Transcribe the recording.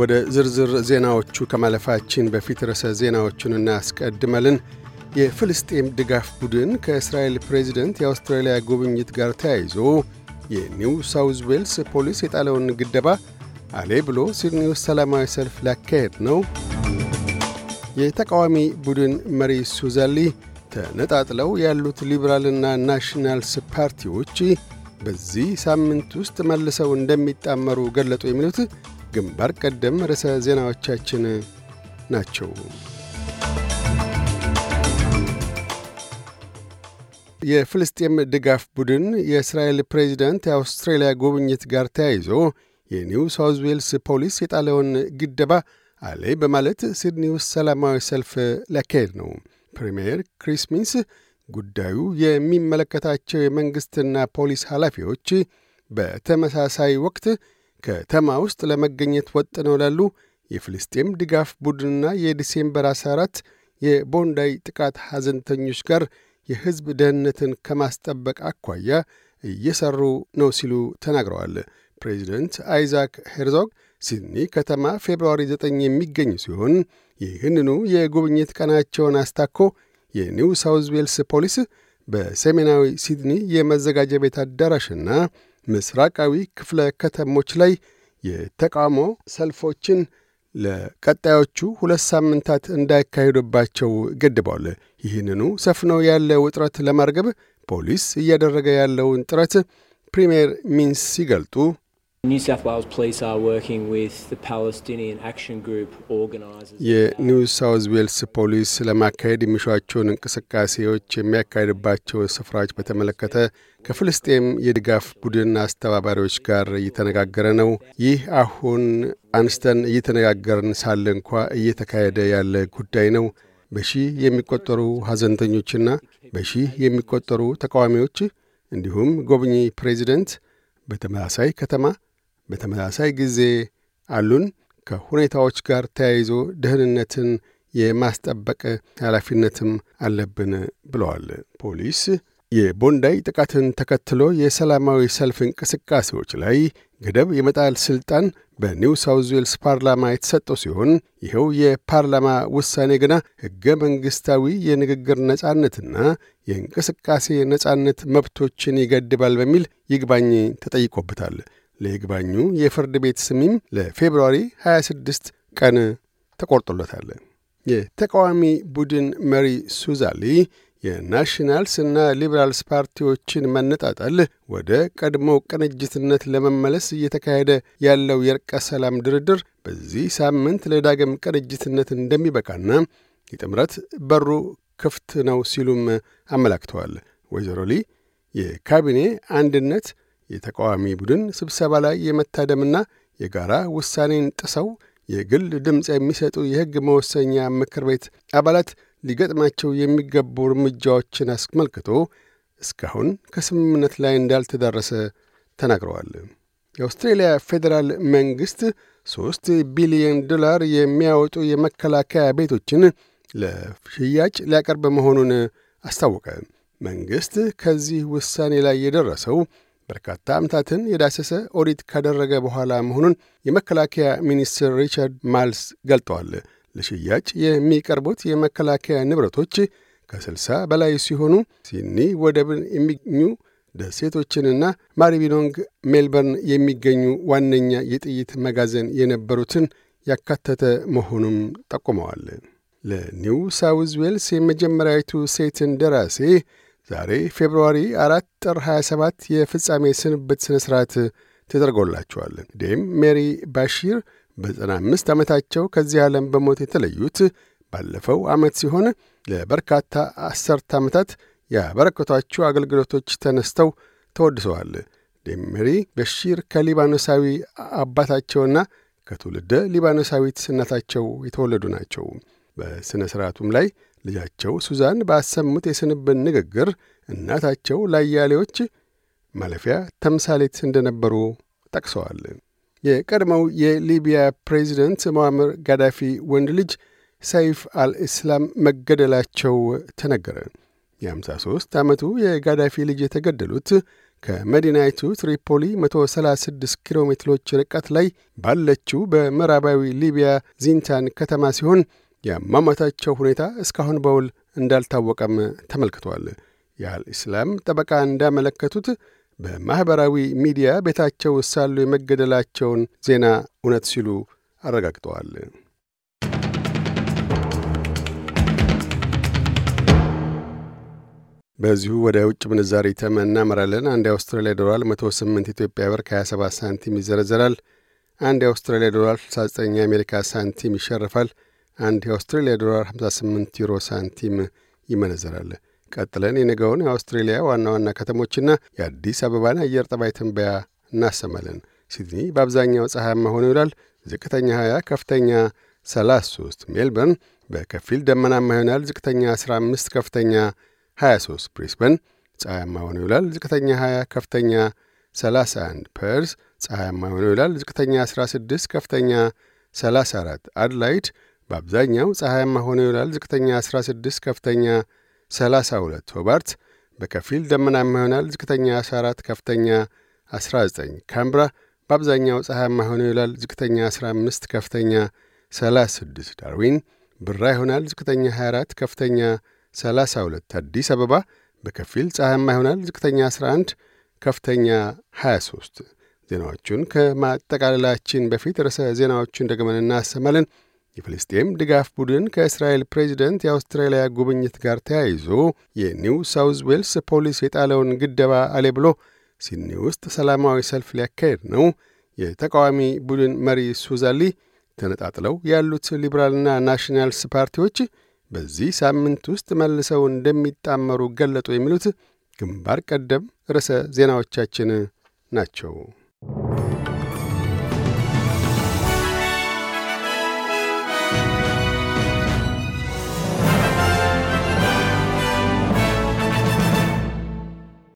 ወደ ዝርዝር ዜናዎቹ ከማለፋችን በፊት ርዕሰ ዜናዎቹን እናስቀድመልን። የፍልስጤም ድጋፍ ቡድን ከእስራኤል ፕሬዚደንት የአውስትራሊያ ጉብኝት ጋር ተያይዞ የኒው ሳውዝ ዌልስ ፖሊስ የጣለውን ግደባ አሌ ብሎ ሲድኒ ውስጥ ሰላማዊ ሰልፍ ሊያካሄድ ነው። የተቃዋሚ ቡድን መሪ ሱዛሊ ተነጣጥለው ያሉት ሊበራልና ናሽናልስ ፓርቲዎች በዚህ ሳምንት ውስጥ መልሰው እንደሚጣመሩ ገለጡ። የሚሉት ግንባር ቀደም ርዕሰ ዜናዎቻችን ናቸው። የፍልስጤም ድጋፍ ቡድን የእስራኤል ፕሬዚደንት የአውስትራሊያ ጉብኝት ጋር ተያይዞ የኒው ሳውዝ ዌልስ ፖሊስ የጣለውን ግደባ አሌ በማለት ሲድኒ ውስጥ ሰላማዊ ሰልፍ ሊያካሄድ ነው። ፕሪምየር ክሪስ ሚንስ ጉዳዩ የሚመለከታቸው የመንግሥትና ፖሊስ ኃላፊዎች በተመሳሳይ ወቅት ከተማ ውስጥ ለመገኘት ወጥ ነው ላሉ የፍልስጤም ድጋፍ ቡድንና የዲሴምበር 14 የቦንዳይ ጥቃት ሐዘንተኞች ጋር የሕዝብ ደህንነትን ከማስጠበቅ አኳያ እየሰሩ ነው ሲሉ ተናግረዋል። ፕሬዚደንት አይዛክ ሄርዞግ ሲድኒ ከተማ ፌብርዋሪ 9 የሚገኝ ሲሆን ይህንኑ የጉብኝት ቀናቸውን አስታኮ የኒው ሳውዝ ዌልስ ፖሊስ በሰሜናዊ ሲድኒ የመዘጋጃ ቤት አዳራሽና ምስራቃዊ ክፍለ ከተሞች ላይ የተቃውሞ ሰልፎችን ለቀጣዮቹ ሁለት ሳምንታት እንዳይካሄዱባቸው ገድበዋል። ይህንኑ ሰፍነው ያለ ውጥረት ለማርገብ ፖሊስ እያደረገ ያለውን ጥረት ፕሪምየር ሚንስ ሲገልጡ የኒው ሳውዝ ዌልስ ፖሊስ ለማካሄድ የሚሿቸውን እንቅስቃሴዎች የሚያካሄድባቸው ስፍራዎች በተመለከተ ከፍልስጤም የድጋፍ ቡድን አስተባባሪዎች ጋር እየተነጋገረ ነው። ይህ አሁን አንስተን እየተነጋገርን ሳለ እንኳ እየተካሄደ ያለ ጉዳይ ነው። በሺህ የሚቆጠሩ ሐዘንተኞችና በሺህ የሚቆጠሩ ተቃዋሚዎች እንዲሁም ጎብኚ ፕሬዚደንት በተመሳሳይ ከተማ በተመሳሳይ ጊዜ አሉን። ከሁኔታዎች ጋር ተያይዞ ደህንነትን የማስጠበቅ ኃላፊነትም አለብን ብለዋል። ፖሊስ የቦንዳይ ጥቃትን ተከትሎ የሰላማዊ ሰልፍ እንቅስቃሴዎች ላይ ገደብ የመጣል ሥልጣን በኒው ሳውዝ ዌልስ ፓርላማ የተሰጠው ሲሆን ይኸው የፓርላማ ውሳኔ ግና ሕገ መንግሥታዊ የንግግር ነጻነትና የእንቅስቃሴ ነጻነት መብቶችን ይገድባል በሚል ይግባኝ ተጠይቆበታል። ለይግባኙ የፍርድ ቤት ስሚም ለፌብርዋሪ 26 ቀን ተቆርጦለታል። የተቃዋሚ ቡድን መሪ ሱዛሊ የናሽናልስ እና ሊበራልስ ፓርቲዎችን መነጣጠል ወደ ቀድሞ ቅንጅትነት ለመመለስ እየተካሄደ ያለው የእርቀ ሰላም ድርድር በዚህ ሳምንት ለዳግም ቅንጅትነት እንደሚበቃና የጥምረት በሩ ክፍት ነው ሲሉም አመላክተዋል። ወይዘሮ ሊ የካቢኔ አንድነት የተቃዋሚ ቡድን ስብሰባ ላይ የመታደምና የጋራ ውሳኔን ጥሰው የግል ድምፅ የሚሰጡ የሕግ መወሰኛ ምክር ቤት አባላት ሊገጥማቸው የሚገቡ እርምጃዎችን አስመልክቶ እስካሁን ከስምምነት ላይ እንዳልተዳረሰ ተናግረዋል። የአውስትሬልያ ፌዴራል መንግሥት ሦስት ቢሊዮን ዶላር የሚያወጡ የመከላከያ ቤቶችን ለሽያጭ ሊያቀርብ መሆኑን አስታወቀ። መንግሥት ከዚህ ውሳኔ ላይ የደረሰው በርካታ ዓመታትን የዳሰሰ ኦዲት ካደረገ በኋላ መሆኑን የመከላከያ ሚኒስትር ሪቻርድ ማልስ ገልጠዋል። ለሽያጭ የሚቀርቡት የመከላከያ ንብረቶች ከ60 በላይ ሲሆኑ ሲኒ ወደብን የሚገኙ ደሴቶችንና ማሪቢኖንግ ሜልበርን የሚገኙ ዋነኛ የጥይት መጋዘን የነበሩትን ያካተተ መሆኑም ጠቁመዋል። ለኒው ሳውዝ ዌልስ የመጀመሪያዊቱ ሴትን ደራሴ ዛሬ ፌብርዋሪ 4 ጥር 27 የፍጻሜ ስንብት ሥነ ሥርዓት ተደርጎላቸዋል። ዴም ሜሪ ባሺር በ95 ዓመታቸው ከዚህ ዓለም በሞት የተለዩት ባለፈው ዓመት ሲሆን ለበርካታ አሠርተ ዓመታት ያበረከቷቸው አገልግሎቶች ተነስተው ተወድሰዋል። ዴም ሜሪ በሺር ከሊባኖሳዊ አባታቸውና ከትውልደ ሊባኖሳዊት እናታቸው የተወለዱ ናቸው። በሥነ ሥርዓቱም ላይ ልጃቸው ሱዛን ባሰሙት የስንብን ንግግር እናታቸው ላያሌዎች ማለፊያ ተምሳሌት እንደነበሩ ጠቅሰዋል። የቀድሞው የሊቢያ ፕሬዚደንት መዋምር ጋዳፊ ወንድ ልጅ ሰይፍ አልኢስላም መገደላቸው ተነገረ። የ53 ዓመቱ የጋዳፊ ልጅ የተገደሉት ከመዲናይቱ ትሪፖሊ 136 ኪሎ ሜትሮች ርቀት ላይ ባለችው በምዕራባዊ ሊቢያ ዚንታን ከተማ ሲሆን የማማታቸው ሁኔታ እስካሁን በውል እንዳልታወቀም ተመልክቷል። የአል ኢስላም ጠበቃ እንዳመለከቱት በማኅበራዊ ሚዲያ ቤታቸው ሳሉ የመገደላቸውን ዜና እውነት ሲሉ አረጋግጠዋል። በዚሁ ወደ ውጭ ምንዛሪ ተመን እናመራለን። አንድ የአውስትራሊያ ዶላር 108 ኢትዮጵያ ብር ከ27 ሳንቲም ይዘረዘራል። አንድ የአውስትራሊያ ዶላር 69 የአሜሪካ ሳንቲም ይሸርፋል። አንድ የአውስትሬልያ ዶላር 58 ዩሮ ሳንቲም ይመነዘራል። ቀጥለን የነገውን የአውስትሬልያ ዋና ዋና ከተሞችና የአዲስ አበባን አየር ጠባይ ትንበያ እናሰማለን። ሲድኒ በአብዛኛው ፀሐያማ ሆኖ ይውላል። ዝቅተኛ 20፣ ከፍተኛ 33። ሜልበርን በከፊል ደመናማ ይሆናል። ዝቅተኛ 15፣ ከፍተኛ 23። ብሪስበን ፀሐያማ ሆኖ ይውላል። ዝቅተኛ 20፣ ከፍተኛ 31። ፐርስ ፀሐያማ ሆኖ ይውላል። ዝቅተኛ 16፣ ከፍተኛ 34። አድላይድ በአብዛኛው ፀሐያማ ሆኖ ይውላል። ዝቅተኛ 16፣ ከፍተኛ 32። ሆባርት በከፊል ደመናማ ይሆናል። ዝቅተኛ 14፣ ከፍተኛ 19። ካምብራ በአብዛኛው ፀሐያማ ሆኖ ይውላል። ዝቅተኛ 15፣ ከፍተኛ 36። ዳርዊን ብራ ይሆናል። ዝቅተኛ 24፣ ከፍተኛ 32። አዲስ አበባ በከፊል ፀሐያማ ይሆናል። ዝቅተኛ 11፣ ከፍተኛ 23። ዜናዎቹን ከማጠቃለላችን በፊት ርዕሰ ዜናዎቹን ደግመን እናሰማለን። የፍልስጤም ድጋፍ ቡድን ከእስራኤል ፕሬዚደንት የአውስትራሊያ ጉብኝት ጋር ተያይዞ የኒው ሳውዝ ዌልስ ፖሊስ የጣለውን ግደባ አሌ ብሎ ሲድኒ ውስጥ ሰላማዊ ሰልፍ ሊያካሄድ ነው። የተቃዋሚ ቡድን መሪ ሱዛሊ ተነጣጥለው ያሉት ሊበራልና ናሽናልስ ፓርቲዎች በዚህ ሳምንት ውስጥ መልሰው እንደሚጣመሩ ገለጡ። የሚሉት ግንባር ቀደም ርዕሰ ዜናዎቻችን ናቸው።